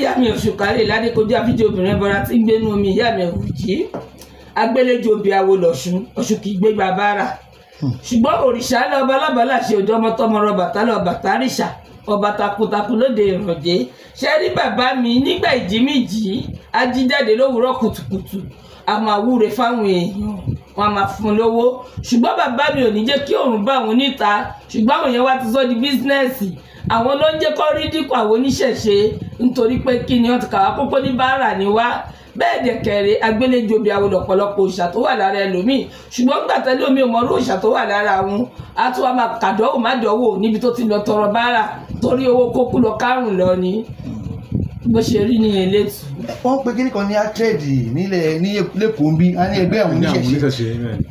ìyá mi òṣùkárè ládékọjú àfijì obìnrin bọra tí ń gbénu omi ìyá mi òjì agbéléjò obì awo lọ̀ṣun ọ̀ṣun kì í gbé bàbá rà hmm. ṣùgbọ́n òrìṣà lọ́ba lọ́ba láṣẹ òjò ọmọtọ́mọ rọba tá lọ́ba tá rìṣà ọba takuntakun lóde ìrọ̀jẹ́ ṣe rí bàbá mi nígbà ìjímìjì ajíjáde lówùúrọ̀ kùtùkùtù àmọ́ àwúre fáwọn èèyàn wọn a máa fún lówó ṣùgbọ́n bàbá mi ò ní jẹ́ kí òòrùn bá òun níta ṣùgbọ́n àwọn èèyàn wá ti sọ di bísínẹ́sì àwọn ló ń jẹ́ kọ́ rí dínkù àwọn oníṣẹ̀ṣe nítorí pé kí ni wọ́n ti kàwá kókó ní báárà ni wá bẹ́ẹ̀ dẹ̀ kẹ̀rẹ̀ agbéléjòbi àwọn ọ̀pọ̀lọpọ̀ òòṣà tó wà lára ẹlòmíì ṣùgbọ́n gbàtẹ́ lómi òòṣà tó wà lọ tọrọ báárà bó ṣe rí nìyẹn lẹ́tù. wọ́n pe kíní kan ní atrẹ́ẹ̀dì nílẹ̀ ní lẹ́kọ̀ọ́ bí a ní ẹgbẹ́ àwọn oníṣẹ̀ṣe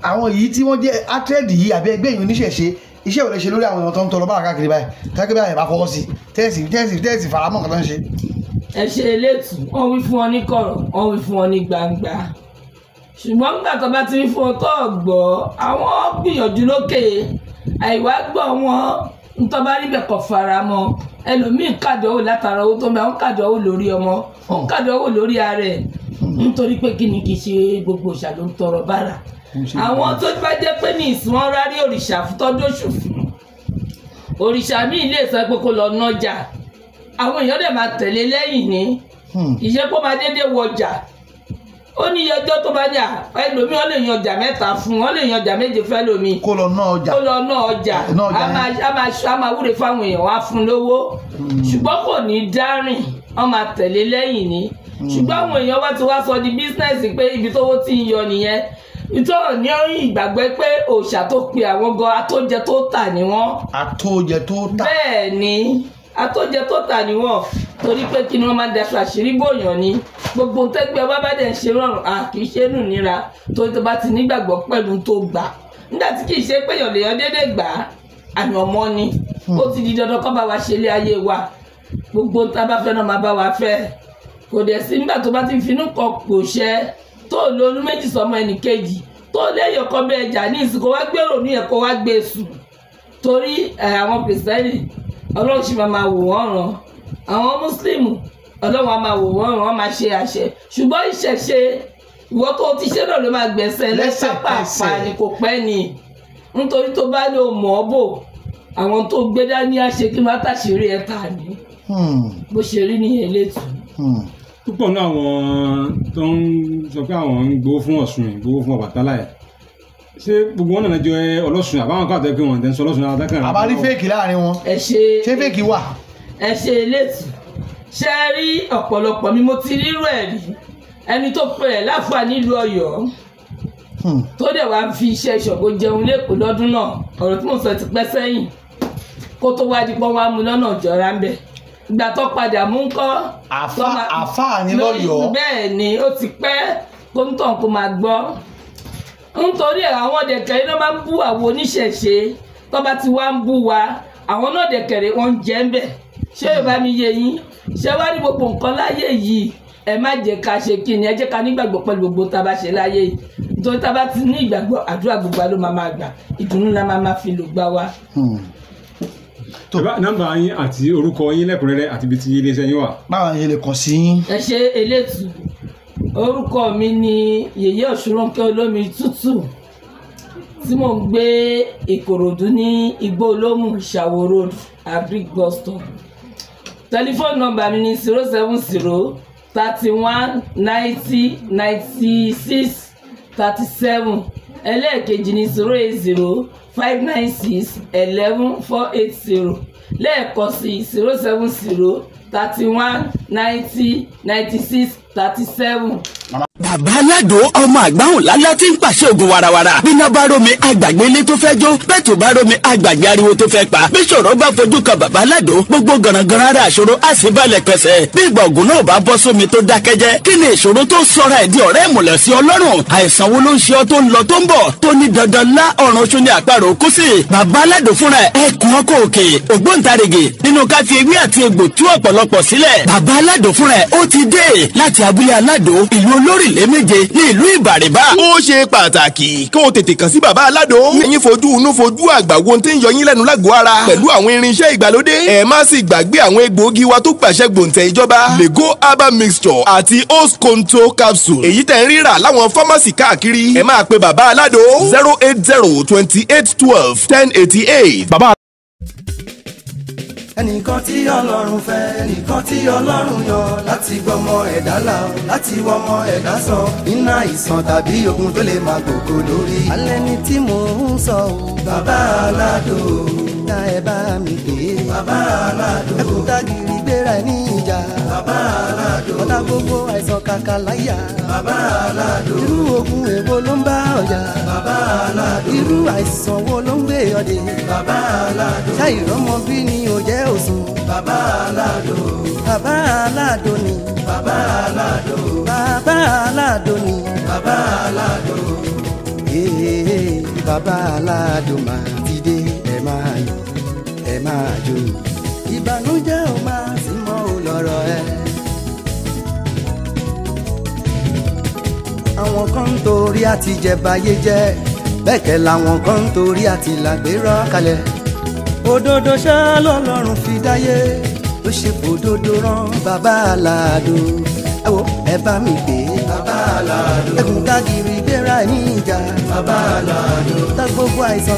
àwọn èyí tí wọ́n jẹ́ atrẹ́ẹ̀dì yìí àbí ẹgbẹ́ yìí oníṣẹ̀ṣe iṣẹ́ ìwọlé ṣe lórí àwọn èèyàn tó ń tọrọ bára káàkiri báyìí tẹ́kẹ́ báyìí bá fọwọ́ sí tẹ́ẹ̀sì tẹ́ẹ̀sì tẹ́ẹ̀sì faramọ́ nǹkan tó ń ṣe. ẹ ṣe eléètù wọn wí fún wọn ní kọ̀rọ̀ wọn wí fún wọn ní gbangba ṣùgbọ́n nígbà tó bá ti ń fún ọ tó gbọ́ àwọn gbìyànjú lókè àìwá gbọ́ wọn ntọ́ bá rí bẹ̀ kọ́ fara mọ́ ẹlòmíín kàdánwò látara owó tó ń bẹ àwọn kàdánwò lórí ọmọ àwọn kàdánwò lórí ara ẹ̀ nítorí pé kí ni kì í ṣe gbogbo òòṣà ló ń tọrọ bára àwọn tó bá jẹ́ pé ní ìsìn wọn rárí òrìṣà tọ́jọ́sù òrìṣà míì lè sọ pé kó lọ nájà àwọn èèyàn dẹ̀ máa tẹ̀lé lẹ́yìn ní hmm. ìṣe máa déédéé wọjà ó ní iye ọjọ́ tó bá yà ẹlòmí wọn lè yan ọjà mẹ́ta fún wọn lè yan ọjà méje fẹ́ lómi. kó lọ ná ọjà kó lọ ná ọjà a máa wúre fáwọn èèyàn wá fún lówó hmm. ṣùgbọ́n kò ní dárìn wọ́n máa tẹ̀lé lẹ́yìn ni hmm. ṣùgbọ́n àwọn èèyàn wá ti wá sọ di bísínẹ́sì pé ibi tó ti ń yọ nìyẹn ìtọ́ ní ìgbàgbé pé òòṣà tó pe àwọn gan atóúnjẹ tó tà ni wọ́n. atóúnjẹ tó tà. bẹ́ẹ̀ ni atóúnjẹ tó tà ni wọ́n torí pé kí ni wọ́n máa ń daṣọ àṣírí bòyàn ni gbogbo tẹ́gbẹ́ ọba bá dẹ̀ ń ṣe rọrùn à kì í ṣe nù níra torí tó bá ti nígbàgbọ́ pẹ̀lú tó gbà nígbà tí kì í ṣe pé èèyàn lèèyàn gbà á àyànmọ́ ni ó ti di dandan kọ́ bá wa ṣe ilé ayé wa gbogbo tá a bá fẹ́ náà máa bá wa fẹ́ kò dẹ̀ sí nígbà tó bá ti finú kan pòṣẹ́ tó lóyún méjì sọmọ ẹnì kejì tó léyìn ọkọ bẹ́ẹ̀ jà ní ìsìnkú wá gbèrò àwọn mùsùlùmù ọlọ́run á máa wò wọ́n wọ́n máa ṣe àṣẹ ṣùgbọ́n ìṣẹ̀ṣe ìwọ tó ti ṣe náà ló máa gbẹ̀sẹ̀ lẹ́sàpàpà ni kò pẹ́ ni nítorí tó bá lè mọ̀ ọ́ bò àwọn tó gbé dání àṣẹ kí má tàṣírí ẹ̀ tà ní bó ṣe rí nìyẹn létò. Hmm. púpọ̀ náà àwọn tó ń sọ pé àwọn ń gbowó fún Ọ̀ṣun ìgbowó fún Ọbàtálá ẹ̀ ṣé gbogbo wọn nana jọ ọlọ́sùn àbáwọn káàtó pé wọn ò tẹ́ sọ ọlọ́sùn àtàkàn. àbá rí fèkì láàrin wọn ṣé fèkì wà ẹ ṣe eléyìí ṣe é rí ọ̀pọ̀lọpọ̀ mi mo ti rírú ẹ̀ rí ẹni tó pè ẹ́ láfà nílùú ọ̀yọ́ hmm. tó dẹ̀ wá fi iṣẹ́ ìṣògo jẹun lẹ́kọ̀ọ́ lọ́dún náà ọ̀rọ̀ tí mo sọ ti pẹ́ sẹ́yìn kó tó wá di pọ́n wá mu lọ́nà ìjọra ń bẹ̀ ìgbà tó padà mú kọ́ àfà ní lọ́yọ̀ọ́ bẹ́ẹ̀ ni ó ti pẹ́ kó ń tàn kó máa gbọ́ nítorí àwọn ọ̀dẹ̀kẹ̀ iná máa ń bú àwọn oníṣẹ̀ṣe tó bá ti wá ń bú wa àwọn náà wọn ń jẹ́ ń bẹ̀ ṣé ìbá mi yé yín ṣé wá ní gbogbo nǹkan láyé yìí ẹ má jẹ́ ká ṣe kí ni ẹ jẹ́ ká nígbàgbọ́ pẹ̀lú gbogbo tá a bá ṣe láyé yìí nítorí tá a bá ti ní ìgbàgbọ́ àdúrà gbogbo ló máa máa gbà ìdùnnú la máa máa fi lò gbá wa. Hmm. Tọ́ba nọ́mbà yín àti orúkọ yín lẹ́kùnrẹ́rẹ́ àti ibi tí iléeṣẹ́ yín wà. Báwo ni lè kàn sí yín? Ẹ ṣe eléètù. Orúkọ mi ni Yèyé Ọ̀ṣunránkẹ́ Olómi Tútù tí mò ń gbé Ìkòròdú ní Igbó Olómù Ṣàwó Agric Bus Stop. Telephone number: mi ni zero seven zero thirty one ninety ninety six thirty seven ẹlẹ́ẹ̀kejì ni zero eight zero five nine six eleven four eight zero lẹ́ẹ̀kan sí zero seven zero thirty one ninety ninety six thirty seven. Bàbá Aládò ọmọ àgbáhùn lálá tí ń pàṣẹ ògùn warawara. Bíná bá rómi àgbàgbé ilé tó fẹ́ jó. Bẹ́ẹ̀tù bá rómi àgbàgbé ariwo tó fẹ́ pa. Bí ṣòro bá fojú kan bàbá Aládò, gbogbo gànàgànà ara àṣòro á sì balẹ̀ pẹ̀sẹ̀. Bí ìgbà ògùn náà bá bọ́ sómi tó dákẹ́jẹ́, kí ni ìṣòro tó sọra ẹ̀ di ọ̀rẹ́ ìmùlẹ̀ sí Ọlọ́run? Àìsàn wo ló ń ṣe ọ tó ń lọ tó ń bọ̀? Tó ní dandan lá ọ̀run ṣo ni àparò kú sí. Bàbá Aládò fúnra ẹ̀ ti abúlé aládò ìlú olórílẹ̀ méje ní ìlú ìbàrìbà. ó ṣe pàtàkì kó o tètè kàn sí bàbá aládò. ẹ̀yin fojú inú fojú àgbà wo ti ń yọ yín lẹ́nu lágọ̀ọ́ ara pẹ̀lú àwọn irinṣẹ́ ìgbàlódé. ẹ má sì gbàgbé àwọn egbòogi wa tó gbàṣẹ gbòǹtẹ̀ ìjọba. lego herbal mixture àti host control capsule. èyí tẹ̀ ń rírà láwọn fámásì káàkiri. ẹ máa pe bàbá aládò zero eight zero twenty eight twelve ten eighty eight. bàbá ẹnìkan tí ọlọ́run fẹ́ ẹnìkan tí ọlọ́run yọ láti gbọmọ ẹ̀dá là láti wọmọ ẹ̀dá sọ iná ìsàn tàbí ogun tó lè máa gbòkó lórí. alẹ́ ni tí mò ń sọ o. bàbá aládò. ta ẹ bá mi pè é. bàbá aládò. ẹkún tágìrì gbéra ẹ ní ìjà. bàbá aládò. ọ̀tá gbogbo àìsàn kàkà láyà. bàbá aládò. irú ogun èwo ló ń bá ọjà. Bàbá Aládùn. Irú àìsàn wo ló ń gbé ọdẹ? Bàbá Aládùn. Ṣé ìrọmọ bí ni ò jẹ́ òsùn? Bàbá Aládùn. Bàbá Aládùn ni. Bàbá Aládùn. Bàbá Aládùn ni. Bàbá Aládùn. Ee Bàbá Aládùn máa ti dé ẹ máa yọ̀ ẹ máa jó. Ìbànújẹ́ ò máa. làwọn kan ń torí àti jẹ̀báyé jẹ́ bẹ́ẹ̀kẹ́ làwọn kan ń torí àti làgbérọ́ kalẹ̀ òdodo ṣá lọ́lọ́run fi dáyé ló ṣe fòdodo rán bàbá aláàdó ẹ wo ẹ bá mi gbé bàbá aláàdó ẹkùn kágiri gbéra ní ìjà bàbá aláàdó tá gbogbo àìsàn.